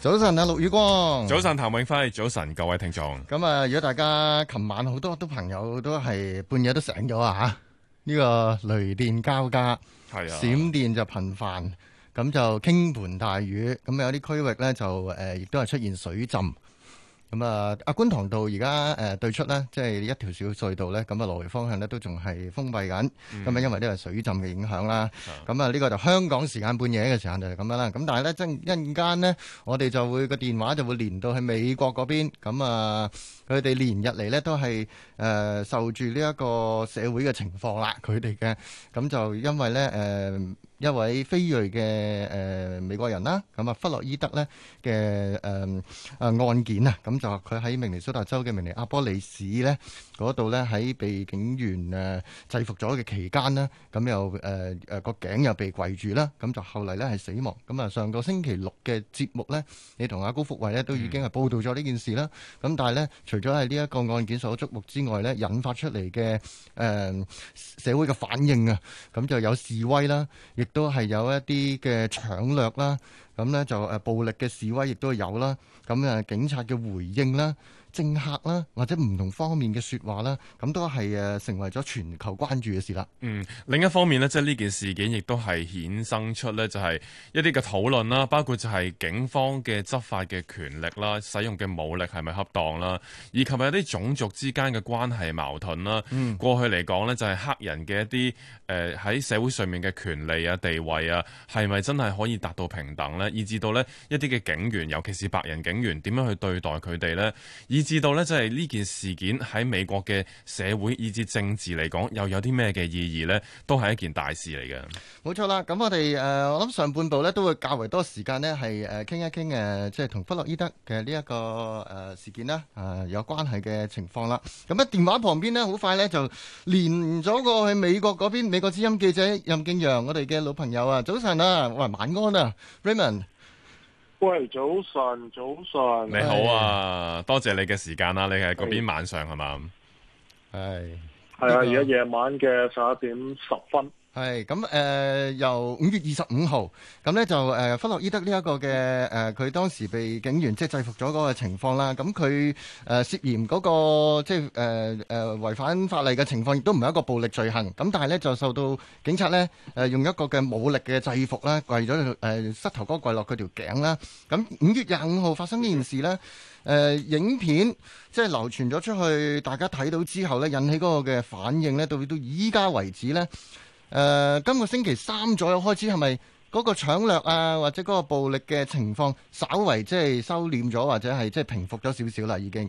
早晨啊，陸宇光。早晨，譚永輝。早晨，各位聽眾。咁啊，如果大家琴晚好多都朋友都係半夜都醒咗啊吓，呢、這個雷電交加，係啊，閃電就頻繁，咁就傾盆大雨，咁有啲區域咧就誒，亦、呃、都係出現水浸。咁、嗯、啊，啊觀塘道而家誒對出呢，即、就、係、是、一條小隧道呢。咁啊來回方向呢都仲係封閉緊。咁、嗯、啊，因為呢係水浸嘅影響啦。咁、嗯、啊，呢、這個就香港時間半夜嘅時間就係咁樣啦。咁但係呢，真一陣間呢，我哋就會個電話就會連到去美國嗰邊。咁啊～佢哋連日嚟咧都係誒、呃、受住呢一個社會嘅情況啦，佢哋嘅咁就因為咧誒、呃、一位非裔嘅誒、呃、美國人啦，咁啊弗洛伊德咧嘅誒誒案件啊，咁就話佢喺明尼蘇達州嘅明尼阿波利市呢，嗰度咧喺被警員誒制服咗嘅期間咧，咁又誒誒個頸又被跪住啦，咁就後嚟咧係死亡。咁啊，上個星期六嘅節目咧，你同阿高福衛咧都已經係報道咗呢件事啦。咁但係咧，除咗係呢一個案件所觸目之外咧，引發出嚟嘅誒社會嘅反應啊，咁就有示威啦，亦都係有一啲嘅搶掠啦，咁咧就誒暴力嘅示威亦都係有啦，咁啊警察嘅回應啦。政客啦，或者唔同方面嘅說話啦，咁都係誒成為咗全球關注嘅事啦。嗯，另一方面咧，即係呢件事件亦都係衍生出咧，就係一啲嘅討論啦，包括就係警方嘅執法嘅權力啦，使用嘅武力係咪恰當啦，以及係一啲種族之間嘅關係矛盾啦。嗯，過去嚟講咧，就係黑人嘅一啲誒，喺社會上面嘅權利啊、地位啊，係咪真係可以達到平等咧？以至到咧一啲嘅警員，尤其是白人警員點樣去對待佢哋咧？以知道呢，即係呢件事件喺美國嘅社會以至政治嚟講，又有啲咩嘅意義呢？都係一件大事嚟嘅。冇錯啦，咁我哋誒，我諗上半部呢都會較為多時間呢係誒傾一傾誒，即係同弗洛伊德嘅呢一個誒事件啦，誒有關係嘅情況啦。咁喺電話旁邊呢，好快呢就連咗過去美國嗰邊，美國之音記者任敬揚，我哋嘅老朋友啊，早晨啊，或晚安啊，Raymond。Rayman 喂，早晨，早晨。你好啊，的多謝你嘅時間啦。你係邊晚上係嘛？係。係啊，而家夜晚嘅十一點十分。係咁，誒，由五月二十五號咁呢就誒、弗、呃、洛伊德呢一個嘅誒、佢、呃、當時被警員即係、就是、制服咗嗰個情況啦。咁佢誒涉嫌嗰、那個即係誒誒違反法例嘅情況，亦都唔係一個暴力罪行。咁、嗯、但係呢，就受到警察呢，誒用一個嘅武力嘅制服啦，跪咗誒、呃、膝頭哥跪落佢條頸啦。咁、嗯、五月廿五號發生呢件事呢，誒、呃、影片即係、就是、流傳咗出去，大家睇到之後呢，引起嗰個嘅反應呢，到到依家為止呢。誒、呃，今個星期三左右開始，係咪嗰個搶掠啊，或者嗰個暴力嘅情況，稍為即係收斂咗，或者係即係平復咗少少啦，已經？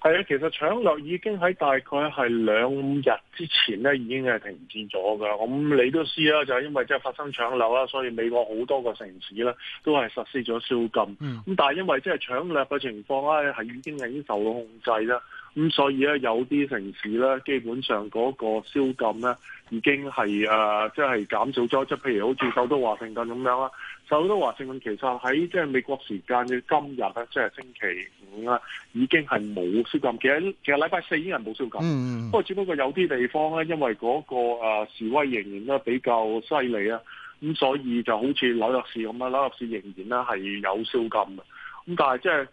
係啊，其實搶掠已經喺大概係兩日之前咧，已經係停止咗噶。咁你都知啦，就係、是、因為即係發生搶掠啦，所以美國好多個城市咧都係實施咗宵禁。咁、嗯、但係因為即係搶掠嘅情況咧係已經係已經受到控制啦。咁所以咧有啲城市咧基本上嗰個宵禁咧已經係誒即係減少咗，即譬如好似首都華盛頓咁樣啦。首都話新聞，其實喺即係美國時間嘅今日咧，即係星期五啦，已經係冇宵禁。其實其實禮拜四已經係冇宵禁，不過只不過有啲地方咧，因為嗰個誒示威仍然咧比較犀利啊，咁所以就好似紐約市咁啦，紐約市仍然咧係有宵禁嘅。咁但係即係。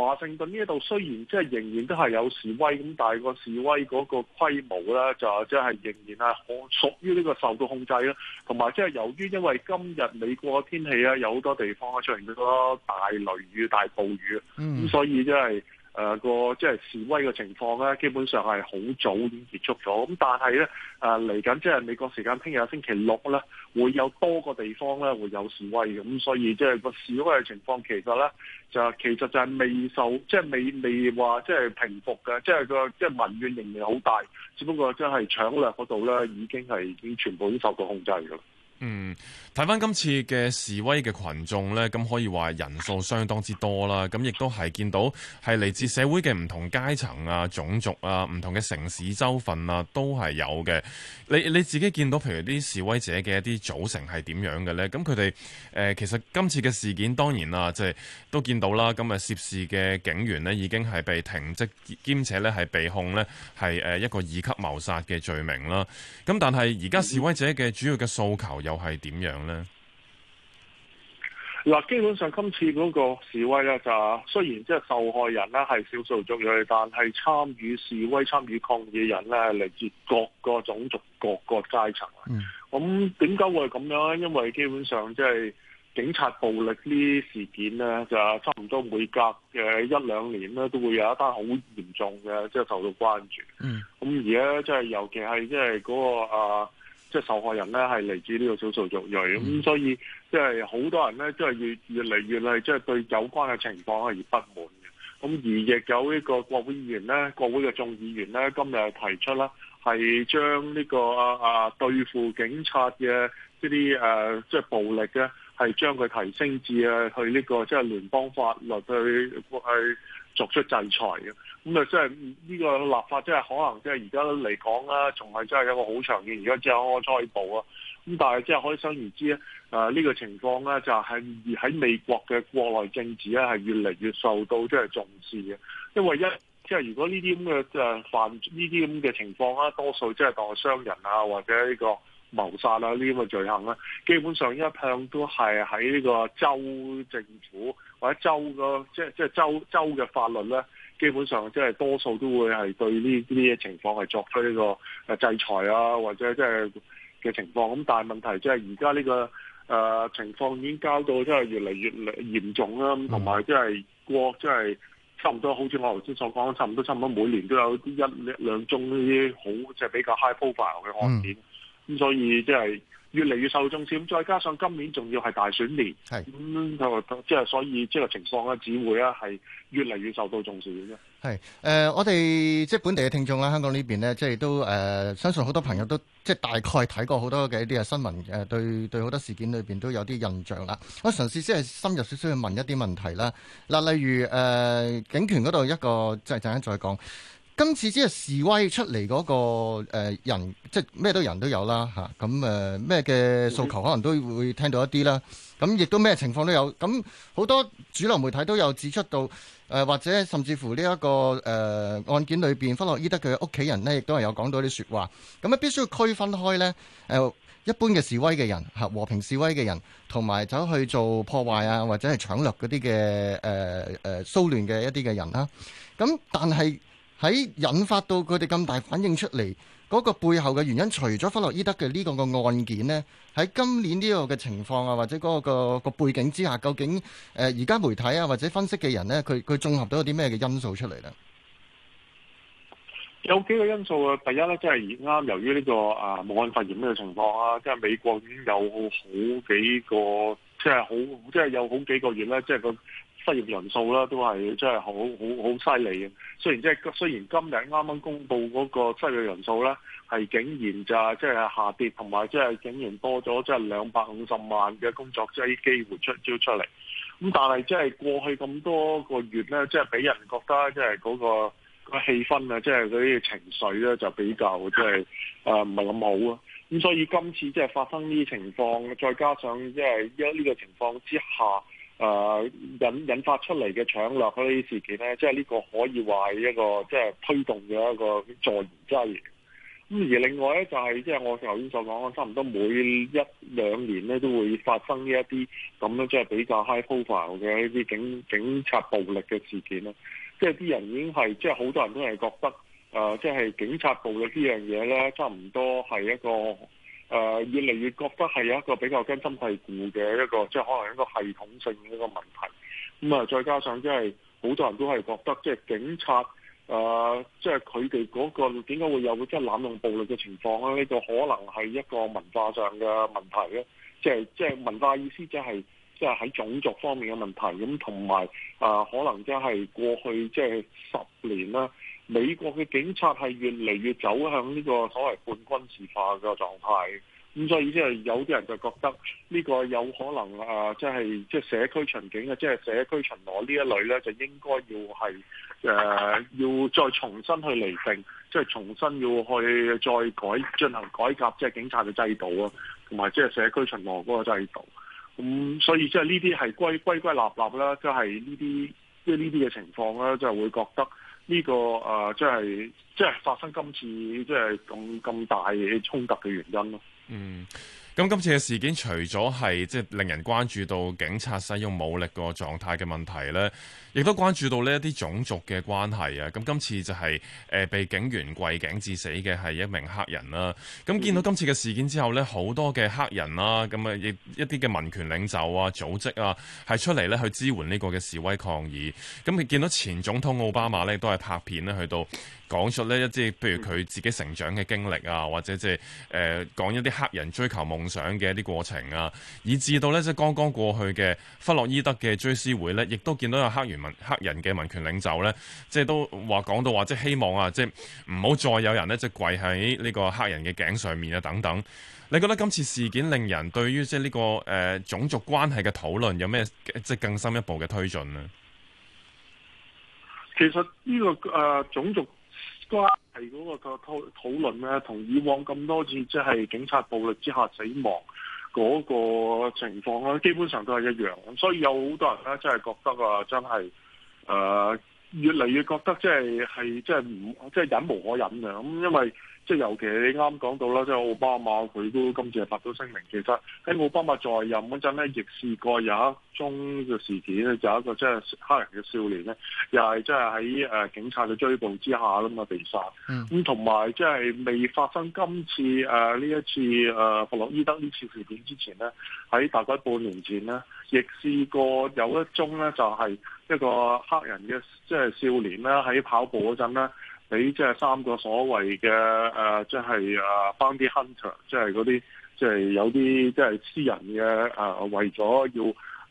華盛頓呢一度雖然即係仍然都係有示威咁，但係個示威嗰個規模咧就即係仍然係可屬於呢個受到控制啦。同埋即係由於因為今日美國嘅天氣咧，有好多地方咧出現咗大雷雨、大暴雨，咁、嗯、所以即係。誒、啊、個即係、就是、示威嘅情況咧，基本上係好早已經結束咗。咁但係咧，誒嚟緊即係美國時間聽日星期六咧，會有多個地方咧會有示威嘅。咁所以即係個示威嘅情況其實咧，就其實就係未受即係、就是、未未話即係平復嘅，即係個即係民怨仍然好大。只不過即係搶掠嗰度咧，已經係已經全部都受到控制㗎。嗯，睇翻今次嘅示威嘅群眾咧，咁可以話人數相當之多啦。咁亦都係見到係嚟自社會嘅唔同階層啊、種族啊、唔同嘅城市州份啊，都係有嘅。你你自己見到，譬如啲示威者嘅一啲組成係點樣嘅咧？咁佢哋誒其實今次嘅事件當然啦，即係都見到啦。咁啊，涉事嘅警員咧已經係被停職兼且咧係被控咧係誒一個二級謀殺嘅罪名啦。咁但係而家示威者嘅主要嘅訴求有。又係點樣咧？嗱，基本上今次嗰個示威咧就，雖然即係受害人咧係少數族裔，但係參與示威、參與抗議嘅人咧嚟自各個種族、各個階層。咁點解會係咁樣咧？因為基本上即係警察暴力呢啲事件咧就差唔多每隔嘅一兩年咧都會有一單好嚴重嘅，即係受到關注。咁、嗯、而家即係尤其係即係嗰個啊。即係受害人咧係嚟自呢個少數族裔，咁所以即係好多人咧，即係越來越嚟越係即係對有關嘅情況係不滿嘅。咁而亦有呢個國會議員咧，國會嘅眾議員咧，今日係提出啦、呢個，係將呢個啊啊對付警察嘅呢啲誒即係暴力嘅，係將佢提升至啊去呢、呢個即係、即係、聯邦法律去去。去作出制裁嘅，咁啊，即係呢個立法，即係可能是現在來、啊，即係而家嚟講啦，仲係真係一個好長嘅，現在是有再但是是而家只可猜度啊。咁但係即係可想而知咧，誒呢個情況咧，就係喺美國嘅國內政治咧，係越嚟越受到即係重視嘅，因為一即係、就是、如果呢啲咁嘅誒犯呢啲咁嘅情況啦，多數即係當傷人啊，或者呢、這個。謀殺啊！呢啲咁嘅罪行咧，基本上一向都係喺呢個州政府或者州嘅即係即係州州嘅法律咧，基本上即係多數都會係對呢呢啲情況係作出呢個誒制裁啊，或者即係嘅情況。咁但係問題即係而家呢個誒、呃、情況已經交到即係越嚟越嚴重啦，同埋即係過即係差唔多，好似我頭先所講，差唔多差唔多每年都有一，一兩宗呢啲好即係、就是、比較 high profile 嘅案件。嗯咁所以即係越嚟越受重視，咁再加上今年仲要係大選年，係咁、嗯、就即、是、係所以即係情況咧，只會咧係越嚟越受到重視嘅。係誒、呃，我哋即係本地嘅聽眾啦，香港呢邊呢，即係都誒、呃，相信好多朋友都即係大概睇過好多嘅一啲嘅新聞，誒、呃、對對好多事件裏邊都有啲印象啦。我嘗試先係深入少少去問一啲問題啦。嗱，例如誒、呃、警權嗰度一個，即係陣間再講。今次只係示威出嚟嗰、那個誒、呃、人，即係咩都人都有啦吓，咁誒咩嘅訴求可能都會聽到一啲啦。咁、啊、亦都咩情況都有。咁、啊、好多主流媒體都有指出到誒、呃，或者甚至乎呢、這、一個誒、呃、案件裏邊，弗洛伊德嘅屋企人呢亦都係有講到啲說話。咁、啊、咧，必須要區分開呢誒、呃，一般嘅示威嘅人吓，和平示威嘅人，同埋走去做破壞啊，或者係搶掠嗰啲嘅誒誒騷亂嘅一啲嘅人啦、啊。咁、啊、但係。喺引發到佢哋咁大反應出嚟嗰個背後嘅原因，除咗弗洛伊德嘅呢個個案件呢，喺今年呢個嘅情況啊，或者嗰個背景之下，究竟誒而家媒體啊或者分析嘅人呢，佢佢綜合到有啲咩嘅因素出嚟呢？有幾個因素啊！第一呢，即係啱由於呢個啊武漢肺炎呢個情況啊，即係美國已經有好幾個，即係好即係有好幾個月咧，即係個。失業人數咧都係真係好好好犀利嘅。雖然即係雖然今日啱啱公布嗰個失業人數咧係竟然就係即係下跌，同埋即係竟然多咗即係兩百五十萬嘅工作即係機會出招出嚟。咁但係即係過去咁多個月咧，即係俾人覺得即係嗰個個氣氛啊，即係嗰啲情緒咧就比較即係誒唔係咁好啊。咁所以今次即係發生呢啲情況，再加上即係因呢個情況之下。誒引引發出嚟嘅搶掠嗰啲事件咧，即係呢個可以話係一個即係、就是、推動咗一個助燃劑。咁而另外咧、就是，就係即係我頭先所講，差唔多每一兩年咧都會發生呢一啲咁樣即係比較 high profile 嘅一啲警警察暴力嘅事件啦。即係啲人已經係即係好多人都係覺得誒，即係、就是、警察暴力呢樣嘢咧，差唔多係一個。誒越嚟越覺得係有一個比較根深蒂固嘅一個，即係可能一個系統性嘅一個問題。咁啊，再加上即係好多人都係覺得，即係警察誒，即係佢哋嗰個點解會有即係濫用暴力嘅情況咧？呢個可能係一個文化上嘅問題咧。即係即係文化意思，即係即係喺種族方面嘅問題。咁同埋啊，可能即係過去即係十年啦。美國嘅警察係越嚟越走向呢個所謂半軍事化嘅狀態，咁所以即係有啲人就覺得呢個有可能啊，即係即係社區巡警啊，即係社區巡邏呢一類咧，就應該要係誒要再重新去釐定，即係重新要去再改進行改革，即係警察嘅制度啊，同埋即係社區巡邏嗰個制度。咁所以即係呢啲係歸歸歸納納啦，即係呢啲，即係呢啲嘅情況咧，即係會覺得呢、這個誒、呃，即係即係發生今次即係咁咁大嘅衝突嘅原因咯。嗯。咁今次嘅事件除咗係即係令人關注到警察使用武力個狀態嘅問題呢，亦都關注到呢一啲種族嘅關係啊！咁今次就係誒被警員跪頸致死嘅係一名黑人啦。咁見到今次嘅事件之後呢好多嘅黑人啦，咁啊亦一啲嘅民權領袖啊、組織啊，係出嚟呢去支援呢個嘅示威抗議。咁佢見到前總統奧巴馬呢都係拍片呢去到講述呢一啲譬如佢自己成長嘅經歷啊，或者即係誒講一啲黑人追求夢。夢想嘅一啲過程啊，以至到呢，即係剛剛過去嘅弗洛伊德嘅追思會呢，亦都見到有黑人民黑人嘅民權領袖呢，即係都話講到話，即係希望啊，即係唔好再有人呢，即係跪喺呢個黑人嘅頸上面啊等等。你覺得今次事件令人對於即係呢個誒種族關係嘅討論有咩即係更深一步嘅推進呢？其實呢個誒種族。係嗰個討討論咧，同以往咁多次即係、就是、警察暴力之下死亡嗰個情況咧，基本上都係一樣。咁所以有好多人咧，真係覺得啊，真係。誒。越嚟越覺得即係係即係唔即係忍無可忍嘅咁，因為即係、即係、尤其你啱講到啦，即、係、係、係、奧巴馬佢都今次係發咗聲明。其實喺奧巴馬在任嗰陣咧，亦、嗯、試過有一宗嘅事件咧，就有一個即係、即係、黑人嘅少年咧，又係即係喺誒警察嘅追捕之下啦嘛，被殺。咁同埋即係未發生今次誒呢、呃、一次誒、呃、弗洛伊德呢次事件之前咧，喺大概半年前咧。呢亦試過有一宗咧，就係一個黑人嘅即係少年啦，喺跑步嗰陣咧，俾即係三個所謂嘅誒，即係誒 bounty hunter，即係嗰啲即係有啲即係私人嘅誒，為咗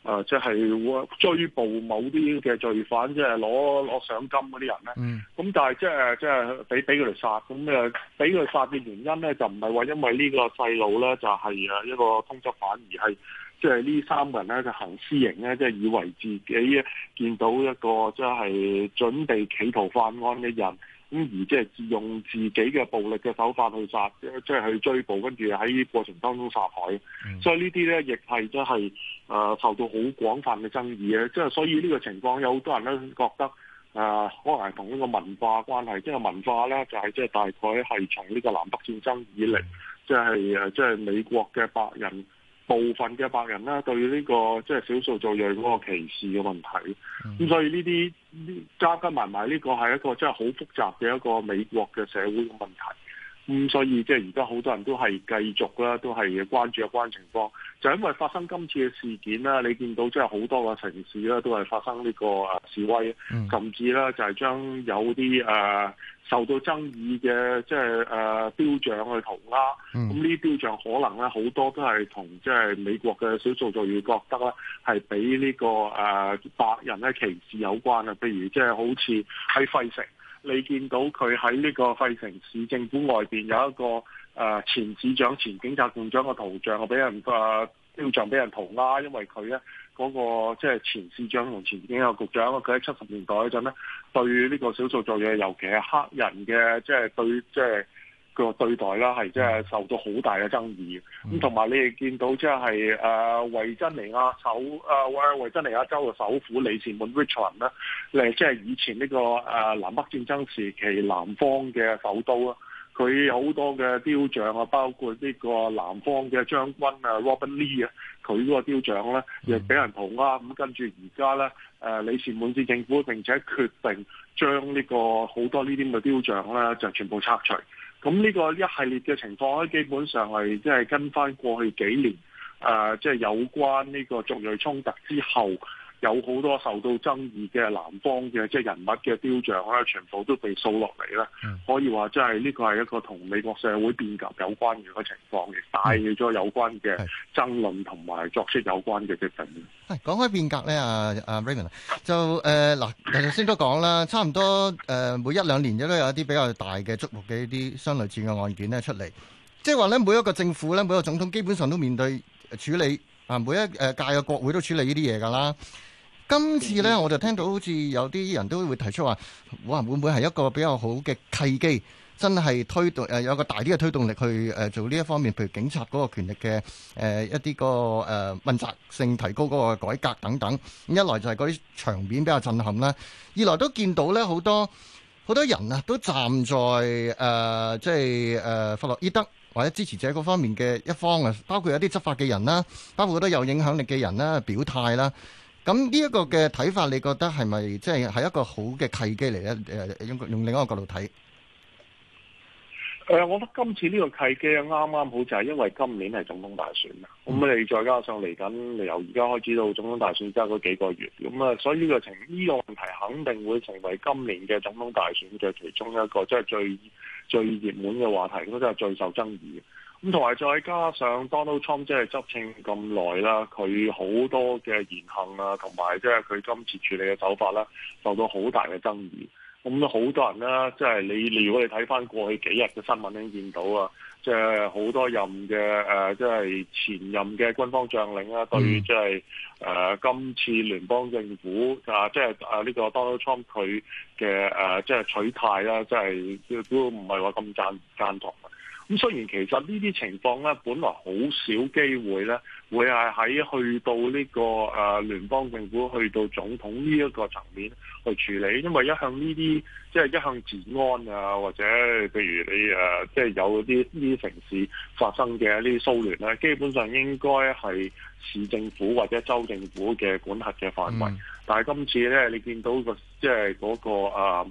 要誒即係追捕某啲嘅罪犯，即係攞攞賞金嗰啲人咧。咁但係即係即係俾俾佢哋殺，咁誒俾佢哋殺嘅原因咧，就唔係話因為呢個細路咧就係誒一個通緝犯，而係，即係呢三個人咧，就行私刑咧，即係以為自己見到一個即係準備企圖犯案嘅人，咁而即係用自己嘅暴力嘅手法去殺，即係去追捕，跟住喺過程當中殺害。嗯。所以呢啲咧，亦係即係誒受到好廣泛嘅爭議嘅。即係所以呢個情況，有好多人咧覺得誒、呃，可能係同一個文化關係，即係文化咧就係即係大概係從呢個南北戰爭以嚟，即係誒即係美國嘅白人。部分嘅白人啦、這個，對於呢個即係少數族裔嗰個歧視嘅問題，咁、嗯、所以呢啲加加埋埋呢個係一個真係好複雜嘅一個美國嘅社會嘅問題。咁、嗯、所以即係而家好多人都係繼續啦，都係關注有關情況，就是，因為發生今次嘅事件啦，你見到即係好多個城市啦，都係發生呢個示威，甚至啦就係將有啲誒受到爭議嘅即係誒雕像去塗鴉。咁呢啲雕像可能咧好多都係同即係美國嘅少數族裔覺得咧係俾呢個誒白人咧歧視有關啊，譬如即係好似喺費城。你見到佢喺呢個費城市政府外邊有一個誒前市長前警察局長嘅圖像，俾人誒雕像俾人塗鴉，因為佢咧嗰個即係前市長同前警察局長，佢喺七十年代嗰陣咧對呢個少數族裔，尤其係黑人嘅，即、就、係、是、對即係。就是個對待啦，係即係受到好大嘅爭議。咁同埋你哋見到即係誒維珍尼亞首誒、呃、維珍尼亞州嘅首府李士滿 Richmond 啦，誒即係以前呢、這個誒、呃、南北戰爭時期南方嘅首都啊，佢好多嘅雕像啊，包括呢個南方嘅將軍啊 Robert Lee 啊，佢嗰個雕像咧亦俾人塗鴉。咁，跟住而家咧誒李士滿市政府並且決定將呢、這個好多呢啲咁嘅雕像咧就全部拆除。咁呢個一系列嘅情況，基本上係即係跟返過去幾年，誒，即係有關呢個族裔衝突之後。有好多受到爭議嘅南方嘅即係人物嘅雕像啦，全部都被掃落嚟啦。可以話真係呢個係一個同美國社會變革有關嘅一個情況，亦帶起咗有關嘅爭論同埋作出有關嘅嘅反應。講、嗯、開變革咧，啊阿、啊、Raymond 就誒嗱，頭、呃、先都講啦，差唔多誒每一兩年都有一啲比較大嘅觸目嘅一啲相類似嘅案件咧出嚟，即係話咧每一個政府咧，每個總統基本上都面對處理啊，每一誒屆嘅國會都處理呢啲嘢㗎啦。今次呢，我就聽到好似有啲人都會提出話，哇，會唔會係一個比較好嘅契機，真係推動、呃、有個大啲嘅推動力去、呃、做呢一方面，譬如警察嗰個權力嘅、呃、一啲、個誒、呃、問責性提高嗰個改革等等。一來就係嗰啲場面比較震撼啦，二來都見到呢，好多好多人啊，都站在誒、呃、即係誒弗洛伊德或者支持者嗰方面嘅一方啊，包括一啲執法嘅人啦，包括好多有影響力嘅人啦表態啦。咁呢一個嘅睇法，你覺得係咪即係係一個好嘅契機嚟咧？用、呃、用另一個角度睇、呃，我覺得今次呢個契機啊，啱啱好就係、是、因為今年係總統大選啊，咁、嗯、你再加上嚟緊，由而家開始到總統大選之後嗰幾個月，咁啊，所以呢、呢個成呢、呢個、問題肯定會成為今年嘅總統大選嘅其中一個即係、就是、最最熱門嘅話題，應該都係最受爭議。咁同埋再加上 Donald Trump 即係執政咁耐啦，佢好多嘅言行啊，同埋即係佢今次處理嘅手法啦，受到好大嘅爭議。咁好多人啦，即係你如果你睇翻過去幾日嘅新聞咧，見到啊，即係好多任嘅即係前任嘅軍方將領啊，對於即係誒今次聯邦政府啊，即係呢個 Donald Trump 佢嘅即係取態啦，即係都唔係話咁贊贊同。咁雖然其實呢啲情況咧，本來好少機會咧，會係喺去到呢個誒聯邦政府去到總統呢一個層面去處理，因為一向呢啲即係一向治安啊，或者譬如你誒即係有啲呢啲城市發生嘅呢啲騷亂咧，基本上應該係市政府或者州政府嘅管轄嘅範圍。嗯、但係今次咧，那個，你見到個即係嗰個誒。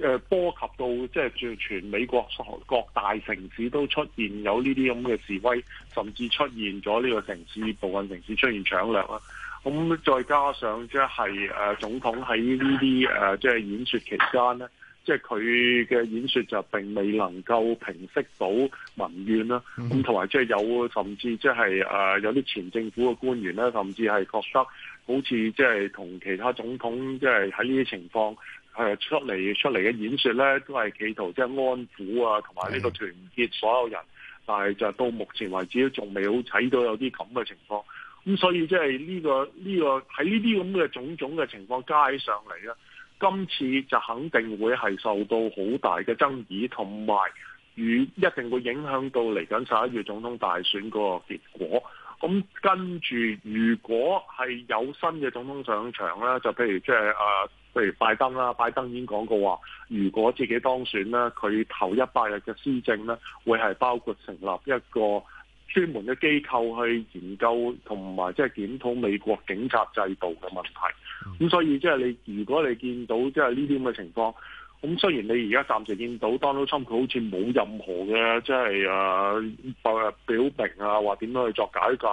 誒波及到即係全美國各大城市都出現有呢啲咁嘅示威，甚至出現咗呢個城市部分城市出現搶掠啦。咁再加上即係誒總統喺呢啲誒即係演説期間咧，即係佢嘅演説就並未能夠平息到民怨啦。咁同埋即係有,是有甚至即係誒有啲前政府嘅官員咧，甚至係覺得好似即係同其他總統即係喺呢啲情況。係出嚟出嚟嘅演說咧，都係企圖即係安撫啊，同埋呢個團結所有人。但係就到目前為止都仲未好睇到有啲咁嘅情況。咁所以即係呢個呢個喺呢啲咁嘅種種嘅情況加上嚟咧，今次就肯定會係受到好大嘅爭議，同埋與一定會影響到嚟緊十一月總統大選嗰個結果。咁跟住如果係有新嘅總統上場咧，就譬如即係，呃譬如拜登啦，拜登已經講過話，如果自己當選咧，佢頭一百日嘅施政咧，會係包括成立一個專門嘅機構去研究同埋即係檢討美國警察制度嘅問題。咁、嗯、所以即係你，如果你見到即係呢啲咁嘅情況，咁雖然你而家暫時見到 Donald Trump 佢好似冇任何嘅即係誒表明啊，話點樣去作改革，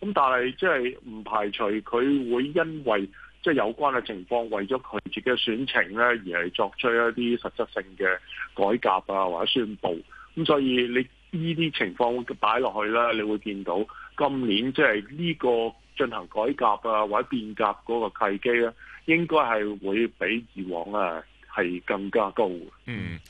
咁但係即係唔排除佢會因為。即係有關嘅情況，為咗佢自己嘅選情咧，而係作出一啲實質性嘅改革啊，或者宣佈。咁所以你呢啲情況擺落去咧，你會見到今年即係呢個進行改革啊或者變革嗰個契機咧，應該係會比以往啊係更加高。嗯。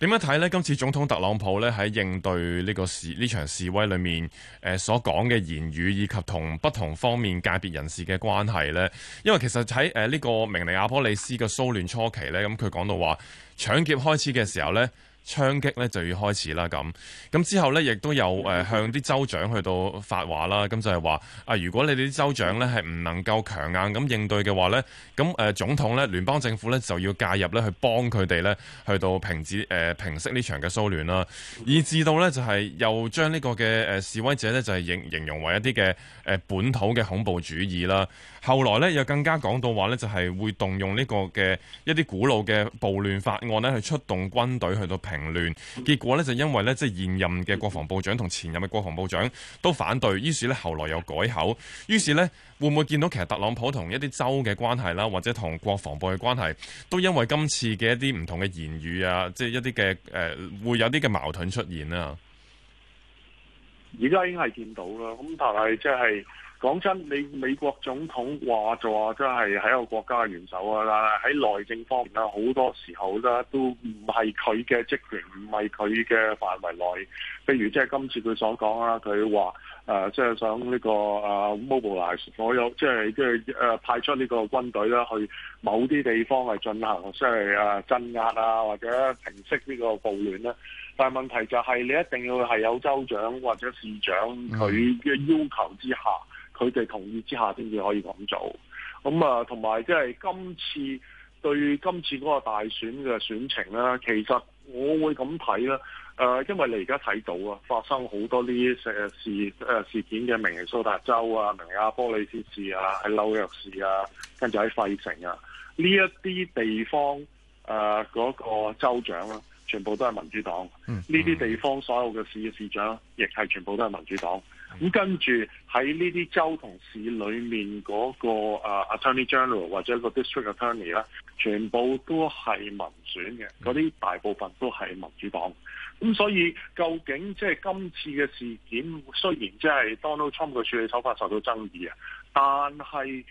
點樣睇呢？今次總統特朗普咧，喺應對呢個示呢場示威裏面誒所講嘅言語，以及同不同方面界別人士嘅關係，呢因為其實喺誒呢個明尼亞波利斯嘅騷亂初期，呢咁佢講到話搶劫開始嘅時候呢。槍擊咧就要開始啦，咁咁之後呢，亦都有誒、呃、向啲州長去到發話啦，咁就係話啊，如果你哋啲州長咧係唔能夠強硬咁應對嘅話呢，咁誒、呃、總統呢，聯邦政府呢，就要介入呢去幫佢哋呢去到平治誒、呃、平息呢場嘅騷亂啦，以至到呢，就係、是、又將呢個嘅誒、呃、示威者呢，就係形形容為一啲嘅誒本土嘅恐怖主義啦。後來呢，又更加講到話呢，就係、是、會動用呢個嘅一啲古老嘅暴亂法案呢，去出動軍隊去到平。平亂，結果呢，就因為呢，即係現任嘅國防部長同前任嘅國防部長都反對，於是呢，後來又改口，於是呢，會唔會見到其實特朗普同一啲州嘅關係啦，或者同國防部嘅關係，都因為今次嘅一啲唔同嘅言語啊，即係一啲嘅誒會有啲嘅矛盾出現咧、啊？而家已經係見到啦，咁但係即係。講真，你美國總統話就話，真係喺個國家嘅元首啊！但係喺內政方面咧，好多時候咧都唔係佢嘅職權，唔係佢嘅範圍內。譬如即係今次佢所講啦，佢話即係想呢、呢個 Mobilize 所有即係即係派出呢個軍隊啦，去某啲地方嚟進行即係、呃、鎮壓啊，或者平息呢個暴亂啦。但問題就係、是、你一定要係有州長或者市長佢嘅要求之下。佢哋同意之下先至可以咁做，咁、嗯、啊，同埋即係今次對今次嗰個大選嘅選情啦，其實我會咁睇啦，誒、呃，因為你而家睇到啊，發生好多呢啲誒事誒事件嘅，明尼蘇達州啊、明尼亞波利斯市啊、喺紐約市啊，跟住喺費城啊，呢一啲地方誒嗰、呃嗰個州長啊，全部都係民主黨，呢、嗯、啲、嗯、地方所有嘅市嘅市長亦係全部都係民主黨。咁跟住喺呢啲州同市裏面嗰個啊 Attorney General 或者個 District Attorney 啦，全部都係民選嘅，嗰啲大部分都係民主黨。咁所以究竟即係今次嘅事件，雖然即係 Donald Trump 嘅處理手法受到爭議啊。但係，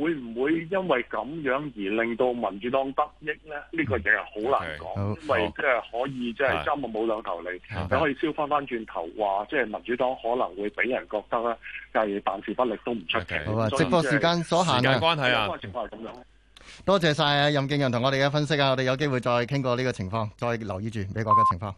會唔會因為咁樣而令到民主黨得益咧？呢、嗯這個嘢係好難講，okay, 因為即係可以即係針冇兩頭利，你、okay, okay. 可以燒翻翻轉頭話，即係民主黨可能會俾人覺得咧係辦事不力，都唔出奇 okay, okay.、就是好。直播時間所限嘅關係啊，情況係咁樣。多謝晒啊任敬揚同我哋嘅分析啊，我哋有機會再傾過呢個情況，再留意住美國嘅情況。